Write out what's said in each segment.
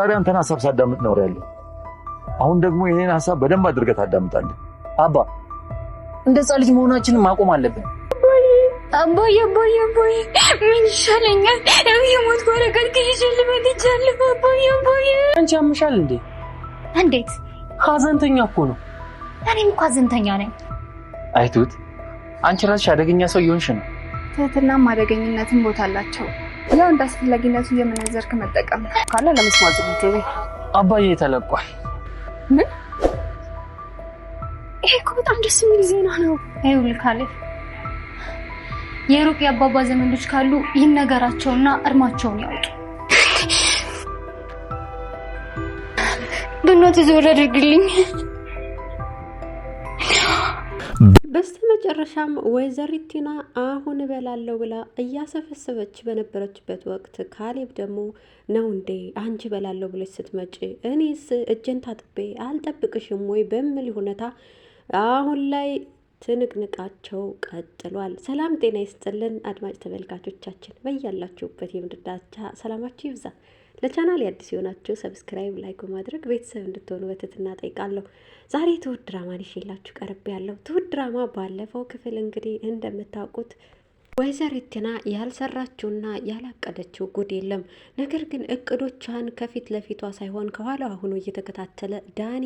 ዛሬ አንተን ሀሳብ ሳዳምጥ ነው ያለ። አሁን ደግሞ ይህን ሀሳብ በደንብ አድርገህ ታዳምጣለህ። አባ እንደ ሕፃን ልጅ መሆናችንን ማቆም አለብን። አቦይ አቦይ አቦይ ምን ይሻለኛል? የሞት ወረቀት አንቺ ያምሻል እንዴ? እንዴት ሀዘንተኛ እኮ ነው። እኔም እኮ ሀዘንተኛ ነኝ። አይቱት አንቺ ራስሽ አደገኛ ሰው እየሆንሽ ነው። ትህትናም አደገኝነትም ቦታ አላቸው። ያው እንደ አስፈላጊነቱ እየመነዘርክ መጠቀም ካለ ለመስማት ዝግጅ አባዬ ተለቋል። ምን? ይሄ እኮ በጣም ደስ የሚል ዜና ነው። ይኸውልህ ካሌብ፣ የሩቅ የአባባ ዘመዶች ካሉ ይነገራቸውና እርማቸውን ያውጡ። በእናትህ ዞር አድርግልኝ። በስተመጨረሻም ወይዘሪት ቲና አሁን እበላለሁ ብላ እያሰፈሰበች በነበረችበት ወቅት ካሌብ ደግሞ ነው እንዴ አንቺ እበላለሁ ብለች ስትመጪ እኔስ እጄን ታጥቤ አልጠብቅሽም ወይ በሚል ሁኔታ አሁን ላይ ትንቅንቃቸው ቀጥሏል። ሰላም ጤና ይስጥልን አድማጭ ተመልካቾቻችን፣ በያላችሁበት የምድር ዳርቻ ሰላማችሁ ይብዛ። ለቻናል አዲስ የሆናችሁ ሰብስክራይብ፣ ላይክ በማድረግ ቤተሰብ እንድትሆኑ በትህትና ጠይቃለሁ። ዛሬ ትሁት ድራማ ይዤላችሁ ቀርቤ ያለው ትሁት ድራማ ባለፈው ክፍል እንግዲህ እንደምታውቁት ወይዘሪት ቲና ያልሰራችውና ያላቀደችው ጉድ የለም። ነገር ግን እቅዶቿን ከፊት ለፊቷ ሳይሆን ከኋላዋ ሆኖ እየተከታተለ ዳኒ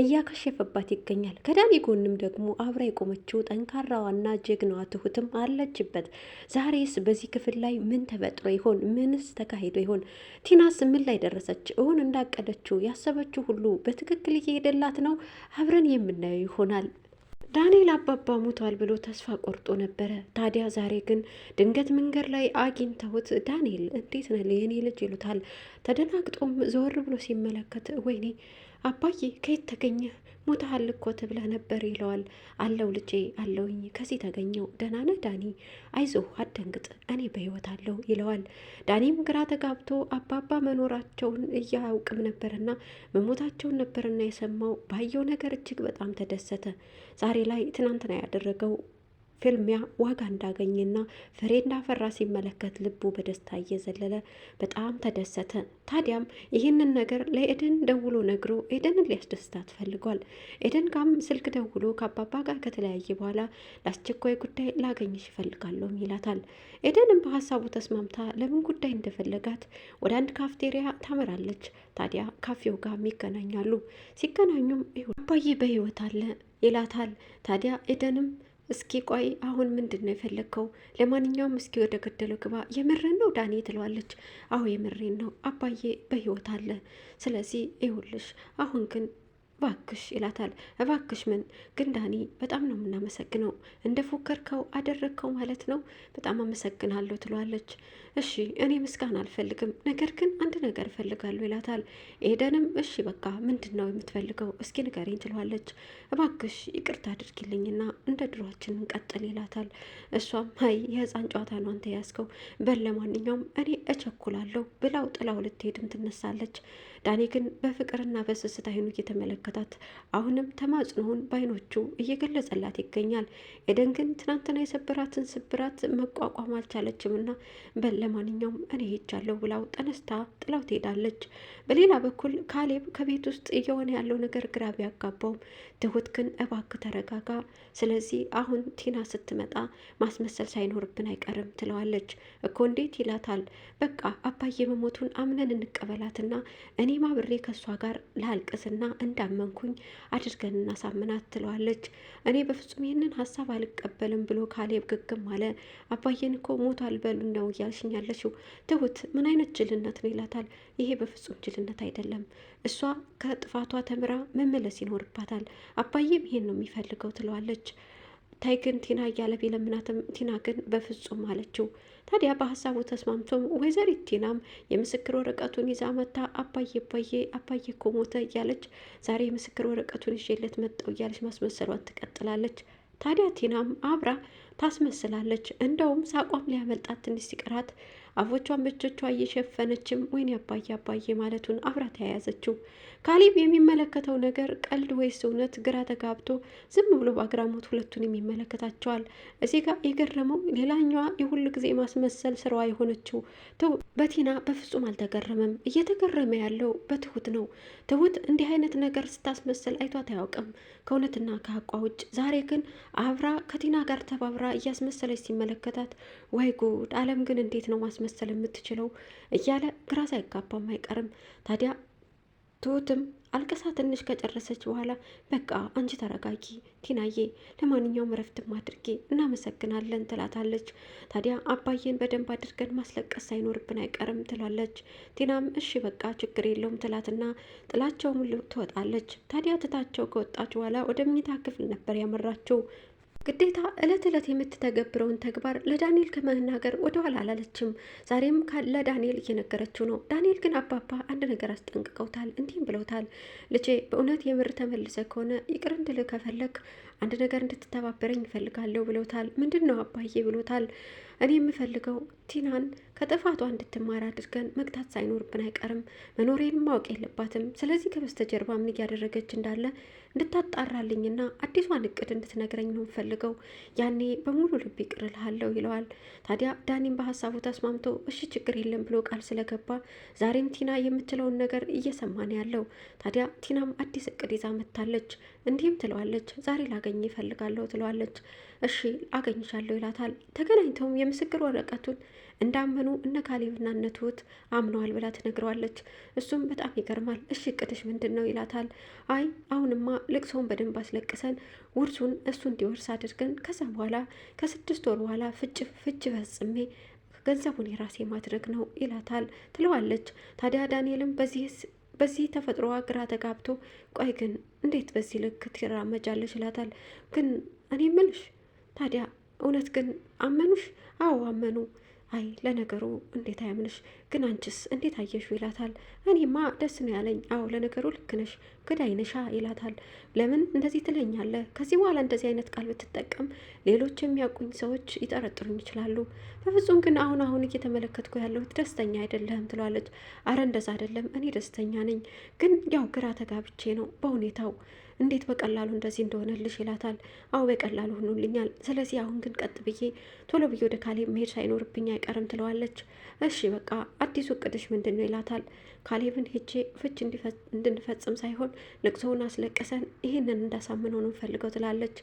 እያከሸፈባት ይገኛል። ከዳኒ ጎንም ደግሞ አብራ የቆመችው ጠንካራዋና ጀግናዋ ትሁትም አለችበት። ዛሬስ በዚህ ክፍል ላይ ምን ተፈጥሮ ይሆን? ምንስ ተካሂዶ ይሆን? ቲናስ ምን ላይ ደረሰች? እሁን እንዳቀደችው ያሰበችው ሁሉ በትክክል እየሄደላት ነው? አብረን የምናየው ይሆናል። ዳንኤል አባባ ሞቷል ብሎ ተስፋ ቆርጦ ነበረ። ታዲያ ዛሬ ግን ድንገት መንገድ ላይ አግኝተውት ዳንኤል እንዴት ነህ የኔ ልጅ ይሉታል። ተደናግጦም ዘወር ብሎ ሲመለከት ወይኔ አባዬ ከየት ተገኘ? ሞተሃል እኮ ተብለህ ነበር ይለዋል። አለው ልጄ አለውኝ፣ ከዚህ ተገኘው። ደህና ነህ ዳኒ? አይዞ አደንግጥ እኔ በህይወት አለው ይለዋል። ዳኒም ግራ ተጋብቶ አባባ መኖራቸውን እያያውቅም ነበርና መሞታቸውን ነበርና የሰማው ባየው ነገር እጅግ በጣም ተደሰተ። ዛሬ ላይ ትናንትና ያደረገው ፍልሚያ ዋጋ እንዳገኘና ፍሬ እንዳፈራ ሲመለከት ልቡ በደስታ እየዘለለ በጣም ተደሰተ። ታዲያም ይህንን ነገር ለኤደን ደውሎ ነግሮ ኤደንን ሊያስደስታት ፈልጓል። ኤደን ጋም ስልክ ደውሎ ከአባባ ጋር ከተለያየ በኋላ ለአስቸኳይ ጉዳይ ላገኝሽ ይፈልጋለሁም ይላታል። ኤደንም በሀሳቡ ተስማምታ ለምን ጉዳይ እንደፈለጋት ወደ አንድ ካፍቴሪያ ታመራለች። ታዲያ ካፌው ጋር ይገናኛሉ። ሲገናኙም አባዬ በህይወት አለ ይላታል። ታዲያ ኤደንም እስኪ ቆይ አሁን ምንድን ነው የፈለግከው? ለማንኛውም እስኪ ወደ ገደለው ግባ። የምሬን ነው ዳኔ ትለዋለች። አሁ የምሬን ነው አባዬ በህይወት አለ። ስለዚህ ይሁልሽ አሁን ግን እባክሽ ይላታል። እባክሽ ምን ግን ዳኒ፣ በጣም ነው የምናመሰግነው። እንደ ፎከርከው አደረግከው ማለት ነው። በጣም አመሰግናለሁ ትሏለች። እሺ እኔ ምስጋና አልፈልግም፣ ነገር ግን አንድ ነገር እፈልጋለሁ ይላታል። ኤደንም እሺ በቃ ምንድን ነው የምትፈልገው? እስኪ ንገሪኝ ትሏለች። እባክሽ ይቅርታ አድርጊልኝና እንደ ድሯችን እንቀጥል ይላታል። እሷም አይ የህፃን ጨዋታ ነው አንተ ያዝከው፣ በል ለማንኛውም እኔ እቸኩላለሁ ብላው ጥላው ልትሄድም ትነሳለች። ዳኒ ግን በፍቅርና በስስት አይኑ እየተመለከ እየተመለከታት አሁንም ተማጽኖውን በአይኖቹ እየገለጸላት ይገኛል። ኤደን ግን ትናንትና የሰበራትን ስብራት መቋቋም አልቻለችምና በል ለማንኛውም እኔ ሄጃለሁ ብላው ተነስታ ጥላው ትሄዳለች። በሌላ በኩል ካሌብ ከቤት ውስጥ እየሆነ ያለው ነገር ግራ ቢያጋባውም ትሁት ግን እባክ ተረጋጋ፣ ስለዚህ አሁን ቲና ስትመጣ ማስመሰል ሳይኖርብን አይቀርም ትለዋለች። እኮ እንዴት ይላታል። በቃ አባዬ መሞቱን አምነን እንቀበላትና እኔ ማብሬ ከእሷ ጋር ላልቅስና እንዳም ስላመንኩኝ አድርገን እናሳምናት ትለዋለች። እኔ በፍጹም ይህንን ሀሳብ አልቀበልም ብሎ ካሌብ ግግም አለ። አባዬን እኮ ሞቷል በሉን ነው እያልሽኝ ያለሽው ትሁት ምን አይነት ጅልነት ነው ይላታል። ይሄ በፍጹም ጅልነት አይደለም። እሷ ከጥፋቷ ተምራ መመለስ ይኖርባታል። አባዬም ይሄን ነው የሚፈልገው ትለዋለች። ታይ ግን ቲና እያለ ቢለምናትም ቲና ግን በፍጹም አለችው። ታዲያ በሀሳቡ ተስማምቶም ወይዘሪት ቲናም የምስክር ወረቀቱን ይዛ መታ አባዬ አባዬ አባዬ እኮ ሞተ እያለች ዛሬ የምስክር ወረቀቱን ይዤለት መጣው እያለች ማስመሰሏን ትቀጥላለች። ታዲያ ቲናም አብራ ታስመስላለች። እንደውም ሳቋም ሊያመልጣት ትንሽ ሲቀራት አፎቿን በእጆቿ እየሸፈነችም ወይኔ አባዬ አባዬ ማለቱን አብራት ተያያዘችው። ካሌብ የሚመለከተው ነገር ቀልድ ወይስ እውነት ግራ ተጋብቶ ዝም ብሎ በአግራሞት ሁለቱን የሚመለከታቸዋል። እዚህ ጋር የገረመው ሌላኛዋ የሁሉ ጊዜ ማስመሰል ስራዋ የሆነችው በቲና በፍጹም አልተገረመም። እየተገረመ ያለው በትሁት ነው። ትሁት እንዲህ አይነት ነገር ስታስመስል አይቷት አያውቅም ከእውነትና ከሀቋ ውጭ። ዛሬ ግን አብራ ከቲና ጋር ተባብራ እያስመሰለች ሲመለከታት ወይ ጉድ! አለም ግን እንዴት ነው ማስመ መሰል የምትችለው እያለ ግራ ሳይጋባም አይቀርም። ታዲያ ትሁትም አልቅሳ ትንሽ ከጨረሰች በኋላ በቃ አንቺ ተረጋጊ ቲናዬ፣ ለማንኛውም እረፍትም አድርጌ እናመሰግናለን ትላታለች። ታዲያ አባዬን በደንብ አድርገን ማስለቀስ ሳይኖርብን አይቀርም ትላለች። ቲናም እሺ በቃ ችግር የለውም ትላትና ጥላቸውም ትወጣለች። ታዲያ ትታቸው ከወጣች በኋላ ወደ መኝታ ክፍል ነበር ያመራችው። ግዴታ እለት እለት የምትተገብረውን ተግባር ለዳንኤል ከመናገር ወደኋላ አላለችም። ዛሬም ለዳንኤል እየነገረችው ነው። ዳንኤል ግን አባባ አንድ ነገር አስጠንቅቀውታል። እንዲህም ብለውታል። ልጄ በእውነት የምር ተመልሰ ከሆነ ይቅር እንድል ከፈለግ አንድ ነገር እንድትተባበረኝ ይፈልጋለሁ ብለውታል። ምንድን ነው አባዬ ብሎታል። እኔ የምፈልገው ቲናን ከጥፋቷ እንድትማር አድርገን መቅጣት ሳይኖርብን አይቀርም። መኖሬንም ማወቅ የለባትም። ስለዚህ ከበስተጀርባ ምን እያደረገች እንዳለ እንድታጣራልኝና አዲሷን እቅድ እንድትነግረኝ ነው የምፈልገው። ያኔ በሙሉ ልብ ይቅር እልሃለሁ ይለዋል። ታዲያ ዳኒም በሀሳቡ ተስማምቶ እሺ ችግር የለም ብሎ ቃል ስለገባ ዛሬም ቲና የምትለውን ነገር እየሰማን ያለው። ታዲያ ቲናም አዲስ እቅድ ይዛ መጥታለች። እንዲህም ትለዋለች፣ ዛሬ ላገኝ ይፈልጋለሁ ትለዋለች። እሺ አገኝሻለሁ ይላታል። ተገናኝተውም የምስክር ወረቀቱን እንዳመኑ እነ ካሌብና እነ ትሁት አምነዋል ብላ ትነግረዋለች። እሱም በጣም ይገርማል። እሺ እቅትሽ ምንድን ነው ይላታል። አይ አሁንማ ልቅሶውን በደንብ አስለቅሰን ውርሱን እሱ እንዲወርስ አድርገን ከዛ በኋላ ከስድስት ወር በኋላ ፍጭ ፍጭ ፈጽሜ ገንዘቡን የራሴ ማድረግ ነው ይላታል ትለዋለች። ታዲያ ዳንኤልም በዚህ በዚህ ተፈጥሮዋ ግራ ተጋብቶ ቆይ ግን እንዴት በዚህ ልክ ትራመጃለች ይላታል። ግን እኔ ምልሽ ታዲያ እውነት ግን አመኑሽ? አዎ አመኑ። አይ ለነገሩ እንዴት አያምንሽ? ግን አንቺስ እንዴት አየሹ? ይላታል። እኔማ ደስ ነው ያለኝ። አዎ ለነገሩ ልክ ነሽ፣ ግዳይ ነሻ ይላታል። ለምን እንደዚህ ትለኛለህ? ከዚህ በኋላ እንደዚህ አይነት ቃል ብትጠቀም ሌሎች የሚያውቁኝ ሰዎች ይጠረጥሩኝ ይችላሉ። በፍጹም ግን አሁን አሁን እየተመለከትኩ ያለሁት ደስተኛ አይደለህም ትሏለች። አረ እንደዛ አይደለም፣ እኔ ደስተኛ ነኝ፣ ግን ያው ግራ ተጋብቼ ነው በሁኔታው እንዴት በቀላሉ እንደዚህ እንደሆነልሽ ይላታል። አዎ በቀላሉ ሆኖልኛል። ስለዚህ አሁን ግን ቀጥ ብዬ ቶሎ ብዬ ወደ ካሌብ መሄድ ሳይኖርብኝ አይቀርም ትለዋለች። እሺ በቃ አዲሱ እቅድሽ ምንድን ነው ይላታል። ካሌብን ሄቼ ፍች እንድንፈጽም ሳይሆን ልቅሶውን አስለቅሰን ይህንን እንዳሳምነው ነው እንፈልገው ትላለች።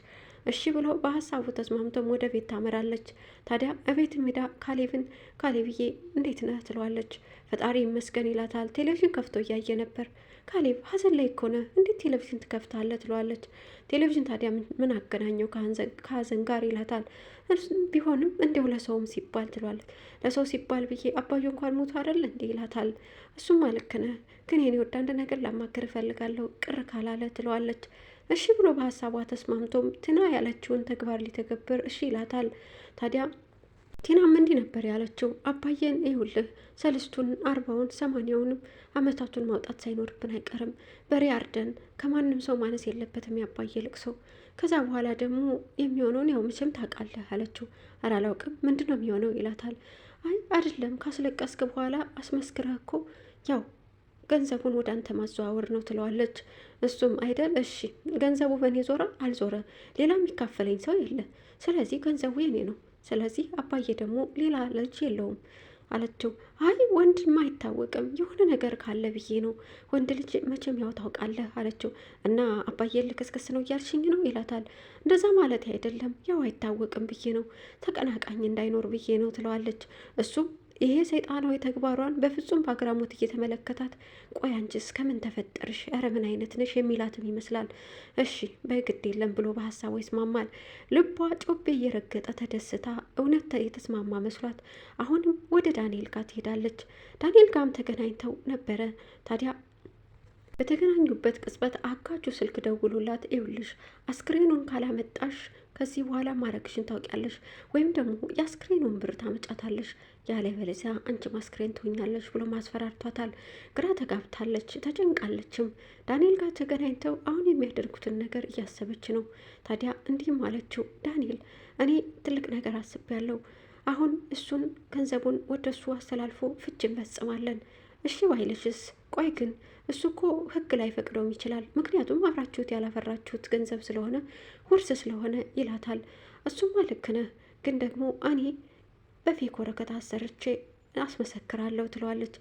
እሺ ብሎ በሀሳቡ ተስማምቶም ወደ ቤት ታመራለች። ታዲያ እቤት ሜዳ ካሌብን ካሌብዬ እንዴት ነህ ትለዋለች። ፈጣሪ ይመስገን ይላታል። ቴሌቪዥን ከፍቶ እያየ ነበር። ካሌብ ሀዘን ላይ ከሆነ እንዴት ቴሌቪዥን ትከፍታለህ? ትለዋለች። ቴሌቪዥን ታዲያ ምን አገናኘው ከሀዘን ጋር ይላታል። ቢሆንም እንዲሁ ለሰውም ሲባል ትለዋለች። ለሰው ሲባል ብዬ አባዬ እንኳን ሞቶ አይደል እንዴ? ይላታል። እሱም ልክ ነህ፣ ግን የኔ ወድ አንድ ነገር ላማክር እፈልጋለሁ፣ ቅር ካላለ ትለዋለች። እሺ ብሎ በሀሳቧ ተስማምቶም ትና ያለችውን ተግባር ሊተገብር እሺ ይላታል። ታዲያ ቲናም እንዲህ ነበር ያለችው። አባዬን ይሁልህ ሰልስቱን፣ አርባውን፣ ሰማንያውንም አመታቱን ማውጣት ሳይኖርብን አይቀርም። በሬ አርደን ከማንም ሰው ማነስ የለበትም ያባዬ ልቅሶ። ከዛ በኋላ ደግሞ የሚሆነውን ያው መቼም ታውቃለህ አለችው። ኧረ አላውቅም፣ ምንድን ነው የሚሆነው ይላታል። አይ አይደለም፣ ካስለቀስክ በኋላ አስመስክረህ እኮ ያው ገንዘቡን ወደ አንተ ማዘዋወር ነው ትለዋለች። እሱም አይደል እሺ፣ ገንዘቡ በእኔ ዞረ አልዞረ ሌላ የሚካፈለኝ ሰው የለ፣ ስለዚህ ገንዘቡ የኔ ነው ስለዚህ አባዬ ደግሞ ሌላ ልጅ የለውም አለችው። አይ ወንድም አይታወቅም የሆነ ነገር ካለ ብዬ ነው። ወንድ ልጅ መቼም ያው ታውቃለህ አለችው። እና አባዬ ልክስክስ ነው እያልሽኝ ነው ይላታል። እንደዛ ማለት አይደለም ያው አይታወቅም ብዬ ነው፣ ተቀናቃኝ እንዳይኖር ብዬ ነው ትለዋለች። እሱም ይሄ ሰይጣናዊ ተግባሯን በፍጹም በአግራሞት እየተመለከታት ቆይ አንቺ እስከምን ተፈጠርሽ? ኧረ ምን አይነት ነሽ? የሚላትም ይመስላል። እሺ በግድ የለም ብሎ በሀሳቡ ይስማማል። ልቧ ጮቤ እየረገጠ ተደስታ እውነት የተስማማ መስሏት አሁንም ወደ ዳንኤል ጋር ትሄዳለች። ዳንኤል ጋርም ተገናኝተው ነበረ ታዲያ በተገናኙበት ቅጽበት አጋቹ ስልክ ደውሎላት ይኸውልሽ አስክሬኑን ካላመጣሽ ከዚህ በኋላ ማድረግሽን ታውቂያለሽ፣ ወይም ደግሞ የአስክሬኑን ብር ታመጫታለሽ፣ ያለበለዚያ አንቺ ማስክሬን ትሆኛለሽ ብሎ ማስፈራርቷታል። ግራ ተጋብታለች፣ ተጨንቃለችም። ዳንኤል ጋር ተገናኝተው አሁን የሚያደርጉትን ነገር እያሰበች ነው። ታዲያ እንዲህም አለችው፣ ዳንኤል እኔ ትልቅ ነገር አስቤያለሁ። አሁን እሱን ገንዘቡን ወደ እሱ አስተላልፎ ፍች እንፈጽማለን። እሺ ባይለሽስ? ቆይ ግን እሱ እኮ ህግ ላይ ፈቅደውም ይችላል። ምክንያቱም አብራችሁት ያላፈራችሁት ገንዘብ ስለሆነ ውርስ ስለሆነ ይላታል። እሱማ ልክ ነህ፣ ግን ደግሞ እኔ በፌክ ወረቀት አሰርቼ አስመሰክራለሁ ትለዋለች።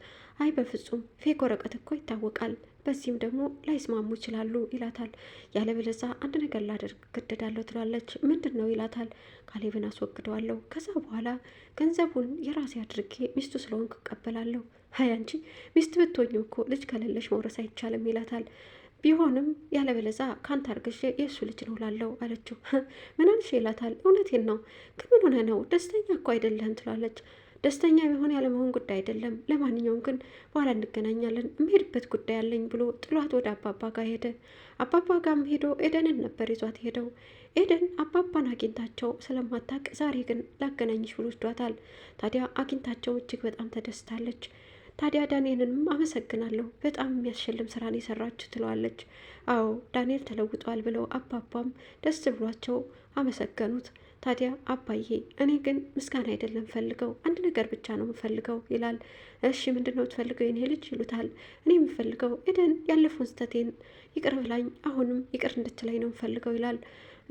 አይ በፍጹም ፌክ ወረቀት እኮ ይታወቃል፣ በዚህም ደግሞ ላይስማሙ ይችላሉ ይላታል። ያለበለዚያ አንድ ነገር ላደርግ ግደዳለሁ ትለዋለች። ምንድን ነው ይላታል። ካሌብን አስወግደዋለሁ፣ ከዛ በኋላ ገንዘቡን የራሴ አድርጌ ሚስቱ ስለሆን እቀበላለሁ ሀይ አንቺ ሚስት ብትሆኝ እኮ ልጅ ከሌለሽ መውረስ አይቻልም ይላታል። ቢሆንም ያለበለዛ ካንተ አርገሽ የእሱ ልጅ ነው ላለው አለችው። ምናልሽ ይላታል። እውነቴን ነው ግን ምን ሆነ ነው ደስተኛ እኮ አይደለህም ትላለች። ደስተኛ የመሆን ያለመሆን ጉዳይ አይደለም። ለማንኛውም ግን በኋላ እንገናኛለን፣ የምሄድበት ጉዳይ አለኝ ብሎ ጥሏት ወደ አባባ ጋር ሄደ። አባባ ጋም ሄዶ ኤደንን ነበር ይዟት ሄደው። ኤደን አባባን አግኝታቸው ስለማታቅ ዛሬ ግን ላገናኝሽ ብሎ ወስዷታል። ታዲያ አግኝታቸው እጅግ በጣም ተደስታለች። ታዲያ ዳንኤልንም አመሰግናለሁ በጣም የሚያስሸልም ስራን የሰራችሁ ትለዋለች። አዎ ዳንኤል ተለውጧል ብለው አባባም ደስ ብሏቸው አመሰገኑት። ታዲያ አባዬ እኔ ግን ምስጋና አይደለም ፈልገው አንድ ነገር ብቻ ነው የምፈልገው ይላል። እሺ ምንድን ነው ትፈልገው የኔ ልጅ ይሉታል። እኔ የምፈልገው ኤደን ያለፈውን ስህተቴን ይቅር ብላኝ አሁንም ይቅር እንድትለኝ ነው የምፈልገው ይላል።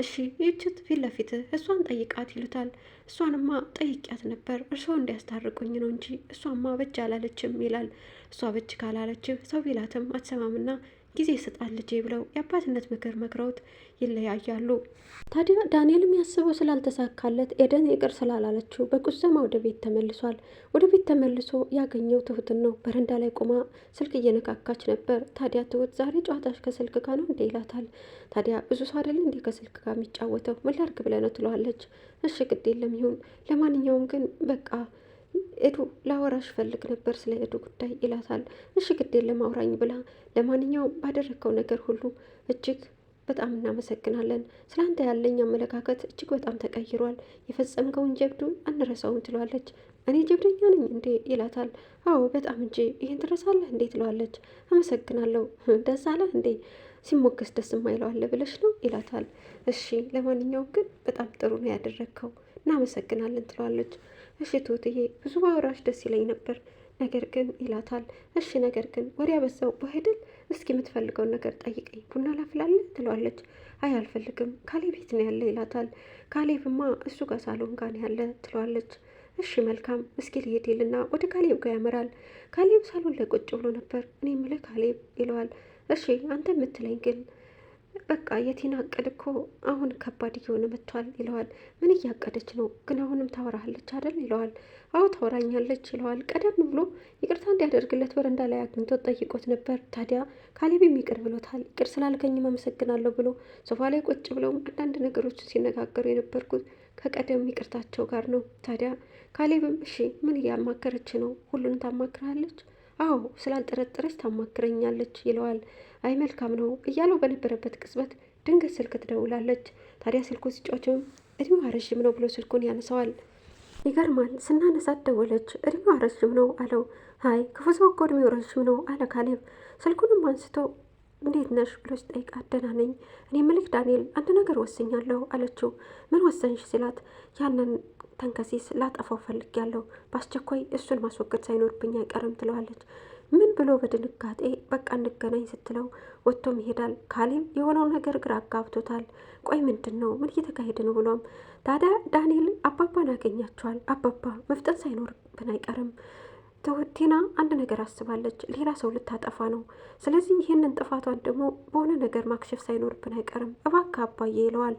እሺ ይችት ፊት ለፊት እሷን ጠይቃት ይሉታል። እሷንማ ጠይቂያት ነበር እርስዎ እንዲያስታርቁኝ ነው እንጂ እሷማ በጅ አላለችም ይላል። እሷ በጅ ካላለችህ ሰው ቢላትም አትሰማምና ጊዜ ይሰጣል ልጄ ብለው የአባትነት ምክር መክረውት ይለያያሉ። ታዲያ ዳንኤል የሚያስበው ስላልተሳካለት ኤደን ይቅር ስላላለችው በቁዘማ ወደ ቤት ተመልሷል። ወደ ቤት ተመልሶ ያገኘው ትሁትን ነው። በረንዳ ላይ ቆማ ስልክ እየነካካች ነበር። ታዲያ ትሁት ዛሬ ጨዋታሽ ከስልክ ጋር ነው እንዴ ይላታል። ታዲያ ብዙ ሰው አይደለ እንዴ ከስልክ ጋር የሚጫወተው ምን ላድርግ ብለህ ነው ትለዋለች። እሺ ግድ የለም ይሁን፣ ለማንኛውም ግን በቃ ኤዱ ላወራሽ ፈልግ ነበር ስለ ኤዱ ጉዳይ ይላታል። እሺ ግዴን ለማውራኝ ብላ ለማንኛውም ባደረግከው ነገር ሁሉ እጅግ በጣም እናመሰግናለን። ስለ አንተ ያለኝ አመለካከት እጅግ በጣም ተቀይሯል። የፈጸምከውን ጀብዱ አንረሳውን ትሏለች። እኔ ጀብደኛ ነኝ እንዴ ይላታል። አዎ በጣም እንጂ ይህን ትረሳለህ እንዴ ትለዋለች። አመሰግናለሁ ደስ አለህ እንዴ ሲሞገስ ደስ የማይለዋለ ብለሽ ነው ይላታል። እሺ ለማንኛውም ግን በጣም ጥሩ ነው ያደረግከው እናመሰግናለን ትለዋለች። እሺ ትሁትዬ ብዙ ባወራሽ ደስ ይለኝ ነበር ነገር ግን ይላታል። እሺ ነገር ግን ወሪ በዛው በሄድል እስኪ የምትፈልገውን ነገር ጠይቀኝ፣ ቡና ላፍላለ ትለዋለች። አይ አልፈልግም፣ ካሌብ ቤት ነው ያለ ይላታል። ካሌብማ እሱ ጋር ሳሎን ጋር ነው ያለ ትለዋለች። እሺ መልካም፣ እስኪ ልሄድ ይልና ወደ ካሌብ ጋር ያመራል። ካሌብ ሳሎን ላይ ቁጭ ብሎ ነበር። እኔ የምልህ ካሌብ ይለዋል። እሺ አንተ የምትለኝ ግን በቃ የቴና እቅድ እኮ አሁን ከባድ እየሆነ መጥቷል ይለዋል። ምን እያቀደች ነው ግን? አሁንም ታወራሃለች አደል ይለዋል። አዎ ታወራኛለች ይለዋል። ቀደም ብሎ ይቅርታ እንዲያደርግለት በረንዳ ላይ አግኝቶ ጠይቆት ነበር። ታዲያ ካሌብም ይቅር ብሎታል። ይቅር ስላልከኝም አመሰግናለሁ ብሎ ሶፋ ላይ ቁጭ ብለውም አንዳንድ ነገሮችን ሲነጋገሩ የነበርኩት ከቀደም ይቅርታቸው ጋር ነው። ታዲያ ካሌብም እሺ ምን እያማከረች ነው? ሁሉን ታማክራለች። አዎ ስላልጠረጠረች ታማክረኛለች ይለዋል። አይ መልካም ነው እያለው በነበረበት ቅጽበት ድንገት ስልክ ትደውላለች። ታዲያ ስልኩ ሲጮችም እድሜዋ ረዥም ነው ብሎ ስልኩን ያነሰዋል። ይገርማል ስናነሳት ደወለች። እድሜዋ ረዥም ነው አለው። አይ ክፉ ሰው እኮ እድሜው ረዥም ነው አለ ካሌብ። ስልኩንም አንስቶ እንዴት ነሽ ብሎ ሲጠይቃት ደህና ነኝ እኔ ምልክ ዳንኤል አንድ ነገር ወስኛለሁ አለችው። ምን ወሰንሽ ሲላት ያንን ተንከሲስ ላጠፋው ፈልጌያለሁ፣ በአስቸኳይ እሱን ማስወገድ ሳይኖርብኝ አይቀርም ትለዋለች። ምን ብሎ በድንጋጤ በቃ እንገናኝ ስትለው ወጥቶም ይሄዳል። ካሌም የሆነው ነገር ግራ አጋብቶታል። ቆይ ምንድን ነው ምን እየተካሄደ ነው ብሎም ታዲያ ዳንኤል አባባን ያገኛቸዋል። አባባ መፍጠን ሳይኖርብን አይቀርም ቴና አንድ ነገር አስባለች። ሌላ ሰው ልታጠፋ ነው። ስለዚህ ይህንን ጥፋቷን ደግሞ በሆነ ነገር ማክሸፍ ሳይኖርብን አይቀርም። እባክህ አባዬ ይለዋል።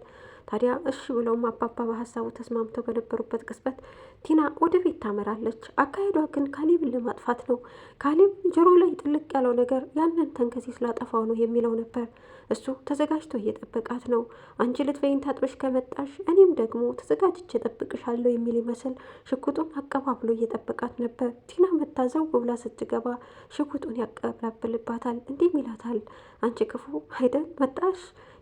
ታዲያ እሺ ብለውም አባባ በሀሳቡ ተስማምተው በነበሩበት ቅጽበት ቲና ወደ ቤት ታመራለች። አካሄዷ ግን ካሊብን ለማጥፋት ነው። ካሊብ ጆሮ ላይ ጥልቅ ያለው ነገር ያንን ተንከሴ ስላጠፋው ነው የሚለው ነበር። እሱ ተዘጋጅቶ እየጠበቃት ነው። አንቺ ልትበይን ታጥበሽ ከመጣሽ እኔም ደግሞ ተዘጋጅቼ እጠብቅሻለሁ የሚል ይመስል ሽጉጡን አቀባብሎ እየጠበቃት ነበር። ቲና መታ ዘው ብላ ስትገባ ሽጉጡን ያቀብላብልባታል። እንዲህም ይላታል፣ አንቺ ክፉ አይደል መጣሽ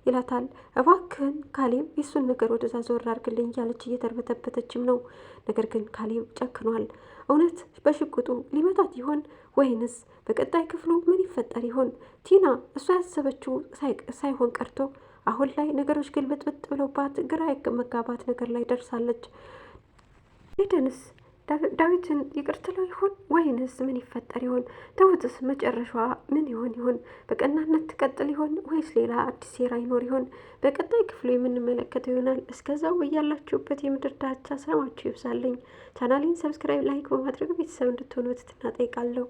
ይላታል። እባክህን ካሌብ የሱን ነገር ወደዛ ዞር አድርግልኝ እያለች እየተርበተበተችም ነው። ነገር ግን ካሌብ ጨክኗል። እውነት በሽጉጡ ሊመታት ይሆን ወይንስ በቀጣይ ክፍሉ ምን ይፈጠር ይሆን? ቲና እሷ ያሰበችው ሳይሆን ቀርቶ አሁን ላይ ነገሮች ግልብጥብጥ ብለውባት ግራ መጋባት ነገር ላይ ደርሳለች። ኤደንስ ዳዊትን ይቅር ይሆን ወይንስ ምን ይፈጠር ይሆን? ትሁትስ መጨረሻዋ ምን ይሆን ይሆን? በቀናነት ትቀጥል ይሆን ወይስ ሌላ አዲስ ሴራ ይኖር ይሆን? በቀጣይ ክፍሉ የምንመለከተው ይሆናል። እስከዛው እያላችሁበት የምድር ዳርቻ ሰላማችሁ ይብዛልኝ። ቻናሌን ሰብስክራይብ፣ ላይክ በማድረግ ቤተሰብ እንድትሆኑ ትትና ጠይቃለሁ።